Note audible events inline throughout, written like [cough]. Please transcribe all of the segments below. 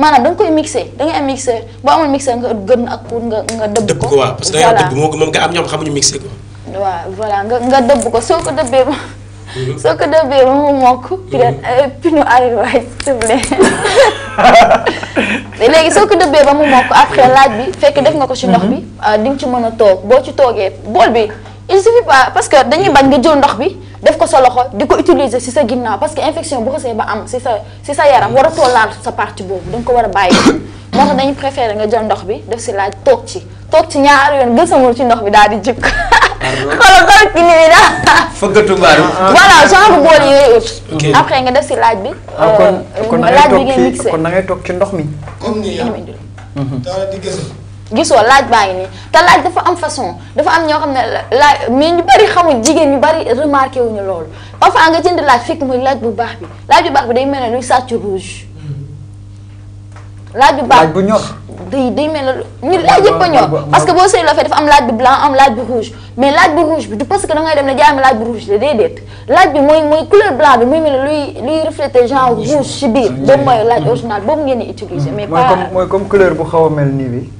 maanaam da nga koy mixer da nga mixer. mixé boo amul mixé nga gën ak pour nga nga dëbb ko. dëbb ko waaw parce que da nga moko moom nga am ñoom xamuñu mixé ko. waaw voilà nga nga dëbb ko soo ko dëbbee ba. soo ko dëbbee ba mu mokk. pinu arrière waay s'il vous plaît léegi soo ko ba mu mokk après laaj bi fekk def nga ko ci ndox bi. ci ci bi il suffit pas parce que dañuy bañ nga jël ndox bi. def ko sa loxo di ko utiliser si sa ginnaaw parce que infection bu xasee ba am si sa si sa yaram war a tollaal sa partie boobu da ko war a bàyyi [coughs] moo tax dañu préféré nga jël ndox bi def si laaj toog ci toog ci ñaari yoon gësamul ci ndox bi daal di jikk [laughs] xoolal xoolal ki nii daal. fëggatu mbaaru. [laughs] voilà genre bool yooyu. après nga def si laaj bi. Ah, euh, laaj bi ngeen mixé kon kon na ngay toog ci ndox mi. comme gisoo laaj baa ngi nii te laaj dafa am façon dafa am ñoo xam ne laaj mais ñu bari xamuñ jigéen ñu bari remarqué wuñu loolu parfois nga jënd laaj fekk muy laaj bu baax laaj bu baax bi day mel ne luy sàcc rouge. laaj bu ñor. day day mel ne ñu laaj yëpp a ñor parce que boo seetlu la fee dafa am laaj bu blanc am laaj bu rouge mais laaj bu rouge bi du parce que da dem ne jaay laaj bu rouge la déedéet laaj bi mooy mooy couleur blanc bi muy mel ne luy luy refléter rouge ci biir boobu mooy laaj original a mel nii bi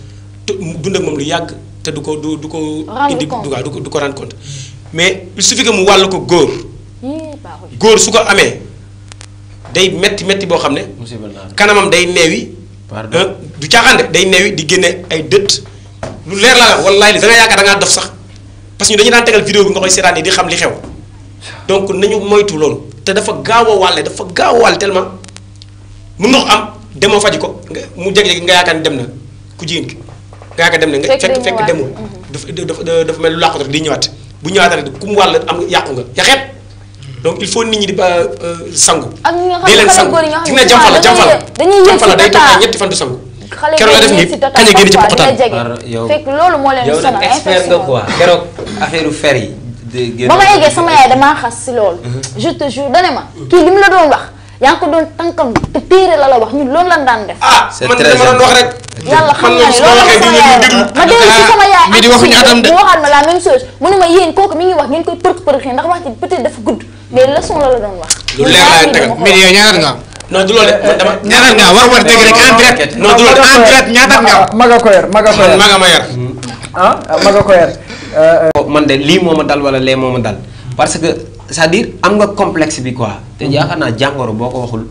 dund ak mom lu yag te du ko du du ko indi du ko rendre compte mais il suffit que mu wal ko goor goor su ko amé day metti metti bo xamné kanamam day newi du tiaxande day newi di génné ay deut lu leer la wallahi da nga yaaka da nga dof sax parce que ñu dañu daan tégal vidéo bi nga koy sétane di xam li xew donc nañu moytu lool té dafa gaawa walé dafa gaawa walé tellement mu nga am demo faji ko mu jégg jégg nga yaaka dem na ku jigen yaakaar dem ne nga fekk fekk demul mhm. dafa dafa mel lu làqu di ñëwaat bu a rek ku mu wàll am yàqu nga yaxeet donc il faut nit ñi di ba euh, sangu di leen sangu fi ne jamfala jamfala jamfala day toog ñetti fan du sangu keroog la def nii kañ a génn ci poqotaan yow nag expert nga quoi keroog affaire fer yi ba ma eggee sama yaay damaa xas si loolu mhm. je te jure ma mhm. kii li mu la doon wax Yang ko doon tànkam te téere la la wax ñun loolu lan daan def. ah man de ma doon wax rek. yàlla xam naa ne loolu sama yaay ma dellu si sama yaay. mi di waxuñu atam ah, eh, de mu waxaat ma la même chose mu ne ma yéen iya, kooku mi ngi wax ngeen koy përk përk ndax wax ci peut-être dafa gudd mais leçon la la doon wax. lu leer laa tegal mi yow ñaar nga am. non du loolu de dama. ñaar nga war war dëgg rek en direct. non du loolu en direct ñaata nga am. maga ko yar maga eh, ko yar maga ma yar. Hmm. ah maga ko yar. Eh, oh, man de lii moo ma dal wala lee moo ma dal parce que c'est-à-dire am nga complexe bi quoi te mhm. yaakaar naa jàngoro boo ko waxul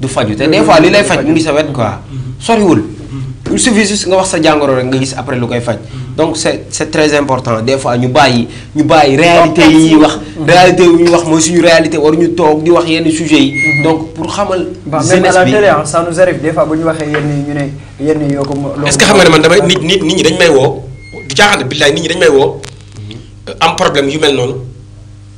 du faju te des fois li lay faj mu ngi sa wet quoi mhm. soriwul mhm. il suffit juste nga wax sa jàngoro rek nga gis après lu koy faj donc c'est c'est très important des fois ñu bàyyi ñu bàyyi réalité yi wax réalité yi wax mooy suñu réalité waruñu toog di wax yenn sujet yi donc pour xamal jeunesse bi ça nous arrive des fois bu ñu waxee yenn ñu ne yenn yoo ko est ce que xam nga ne man damay nit nit nit ñi dañ may woo du caaxaan billaay nit ñi dañ may woo am problème yu mel noonu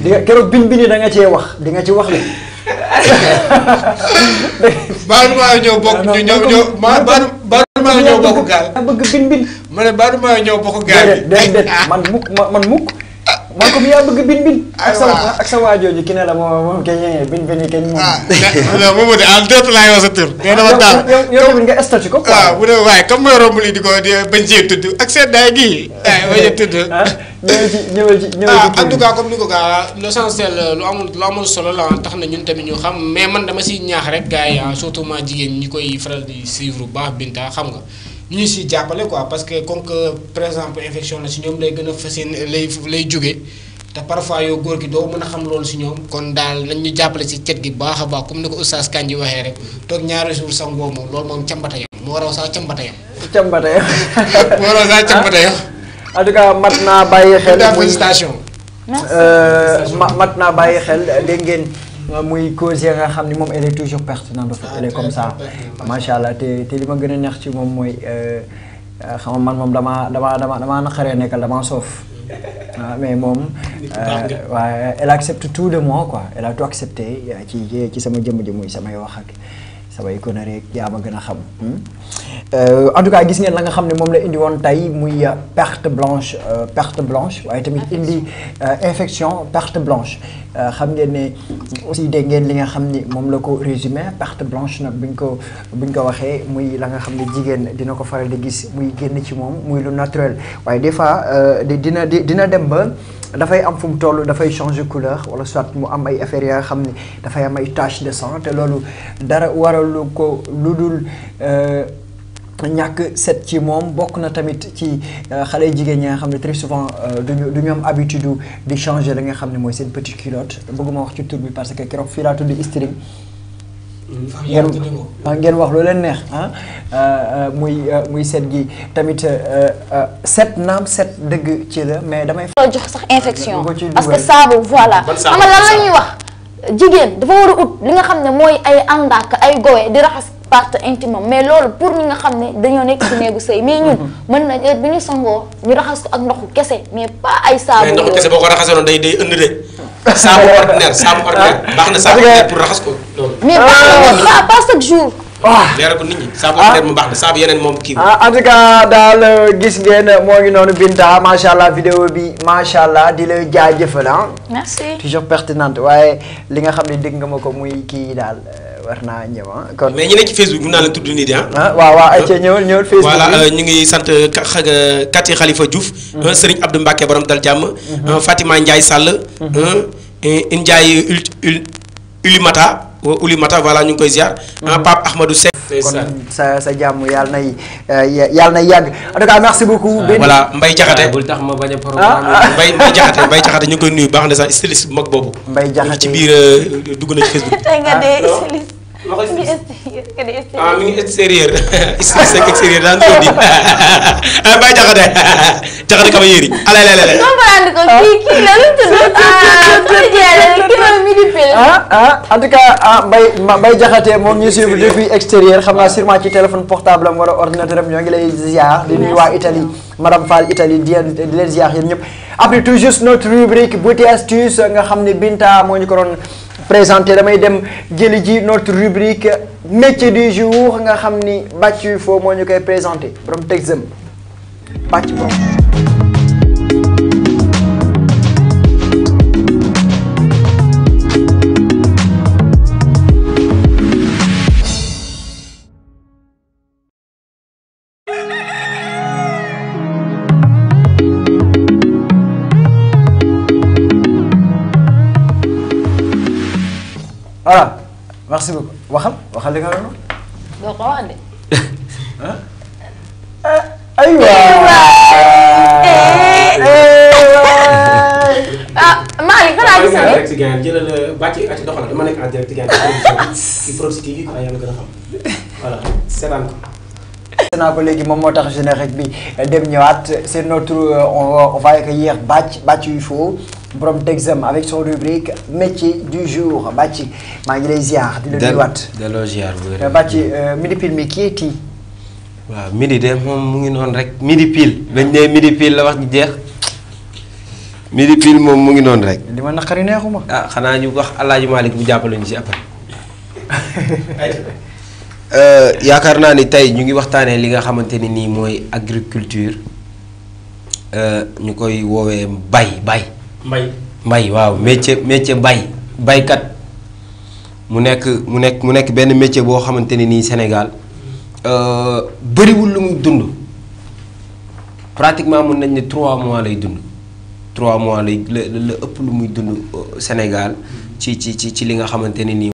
di nga keroog bin bi ni da cee wax di nga ci wax de. baadu maa ñëw bokk ñu ñëw ñëw baadu baadu maa ñëw bokk gaal. bëgg bin bin. ma ne baadu maa ñëw bokk gaal. man mukk man mukk. man comme yaa bëgg bin bin. ak sa ak sa waajooju ki ne la moom moom kañ ñëwee bin bin kañ moom. ah moo di en tout cas yow sa tur. nee [laughs] na ma taal yow nga statut ko ah, waaye comme mooy lii di ko bañ cee tudd ak seen daay gii. waaye ah, a tudd. [laughs] Ah, ñëwal ci ñëwal ci ñëwal ci en tout cas comme ni euh, lu amul lu amul solo la tax na ñun tamit ñu xam mais man dama siy ñaax rek gars yi surtout ma jigéen ñi koy faral di bu baax Binta xam nga. ñu si jàppale quoi parce que comme que par exemple infection la si ñoom lay gën a fasin lay lay jóge te parfois yow góor gi doo mën a xam loolu si ñoom kon daal nañ ñu jàppale si cet gi baax a baax comme ni ko oustaz Kandji waxee rek toog ñaari jour sax ngoo moom loolu moom càmbata yam moo a sax càmbata yam càmbata yam moo raw sax càmbata yam [laughs] ah, en tout cas mat naa bàyyi xel muy station euh, mat naa bàyyi xel dégg ngeen Moi, cause yi nga xamni mom elle est toujours pertinente elle est comme ça macha allah té te li ma gëna neex ci moom mooy euh, euh, xam nga ma moom dama dama dama damaa naqaree nekkal dama sauf ah mais moom. Euh, waaye elle accepte tout de moi quoi elle a tout accepté ci ci sama jëm ji moy sama wax ak sabay ko na rek yaa ma gën a xam hmm? euh, en tout cas gis ngeen la nga xam ne moom la indi woon tey muy euh, perte blanche euh, perte blanche waaye tamit indi infection perte blanche xam ngeen ne aussi dégg ngeen li nga xam ni moom la ko résumé perte blanche nag buñ ko buñ ko waxee muy la nga xam ne jigéen dina ko faral di gis muy génn ci moom muy lu naturel waaye des fois dina dina dem ba dafay am fum mu toll dafay changer couleur wala soit mu am ay affaires ya xamni dafay am ay tache de sang te loolu dara waral ko ludul dul euh, ñàkk set ci moom bokk na tamit ci euh, xalé jigéen ñi nga xamni très souvent euh, duñu du ñu am habitude di changer li nga xamni moy mooy seen petite culotte bëgguma wax ci tur bi parce que keroog fi laa tudd string ngeen ah, ngeen wax lu leen neex ah euh, euh, muy euh, muy set gi tamit set naam set dëgg ci la mais damay. jox sax infection parce que saabu voilà. xam nga lan la ñuy wax jigéen dafa war a ut li nga xam ne mooy ay àndaak ay gowe di raxas partie intime mais loolu pour ñi nga xam ne dañoo nekk ci néegu sëy mais ñun [laughs] mën na bi ñu sangoo ñu raxas ko ak ndoxu kese mais pas ay saabu. mais ndoxu kese boo ko raxasee noonu day day ënd de. saabu ordinaire saabu ordinaire ah. baax na saabu ordinaire pour raxas ko. mais baax ah. na pas chaque jour. waaw ah. baax na saabu yeneen moom kii. ah en daal euh, gis ngeen euh, moo ngi noonu Binta macha allah vidéo bi macha allah di la jaajëfal ah. merci toujours pertinente waaye li nga xam ne dégg nga ma ko muy kii daal. Euh, war naa ñëw ah. kon mais ñu nekk ci Facebook mun naa la tudd nii de ah. ah waaw waaw ayca ñëwal ñëwal Facebook voilà euh, ñu ngi sant euh, euh, Kati Khalifa Diouf. Mm-hmm. Serigne Abdou Mbacke borom dal jàmm. Mm-hmm. Fatima Ndiaye Sall. Mm-hmm. Ndiaye Ulimata Ulimata voilà ñu ngi koy ziar. Pape Ahmadou Seck. saya sa sa jàmm eh, ya nay yàlla nay yàgg en tout cas merci beaucoup. Ah, voilà Mbaye Diakhaté ah, bul tax ma Jakarta, a programme ah, Mbaye Mbaye Diakhaté Mbaye Diakhaté ñu ngi cibir nuyu eh, Facebook. loxo si ah mi ngi ah Baye Jaxate Jaxate moom ñu suivre depuis extérieur xam naa sûrement ci téléphone portable am wala ordinateur am ñoo ngi lay ziar di nuyu waa madame Fall Italie di di leen ziar yéen ñëpp après tout juste notre rubrique beauté astuce nga xam ne Binta moo ñu ko doon présenté damay dem jëli ji notre rubrique métier du jour nga xamni batchu fo mo ñukay présenter présenté borom Tek Zëm borom voilà merci beaucoup waxal waxal li nga doon. doo ko wax de. aywa eh. Eh, ah Malick balaa gis nga. direct Gaye jëlal bàcc euh, ati doxal dama nekk en direct Gaye ci proximité yi quoi yaa gën a xam voilà seetaan ko. naa ko léegi moom moo tax générique bi dem ñëwaat c'est notre euh, on va on va accueillir Bathie Bathie Ufo borom d'examen avec son rubrique métier du jour Bathie ma ngi lay ziar. di la nuyuwaat delloo ziar bu wér. Euh, Bathie euh, midi pile mi kii tii. waaw midi de moom mu ngi non rek midi pile bañ ne midi pile la wax ni jeex midi pile mom mu ngi non rek. li nakari naqari neexuma. ah xana ñu wax El Hadj bu jàppale ñu ci après. [laughs] Euh, yaakaar naa ni tay ñu ngi waxtane li nga xamanteni ni moy agriculture euh ñukoy wowe bay bay. mbay mbay waaw métier métier bay baykat mu nekk mu nekk mu nekk benn métier boo xamante ne nii Sénégal euh, bëriwul lu muy dund pratiquement mun nañ ne trois mois lay dund trois mois lay la ëpp lu muy dund euh, Sénégal ci ci ci ci li nga xamante ne nii.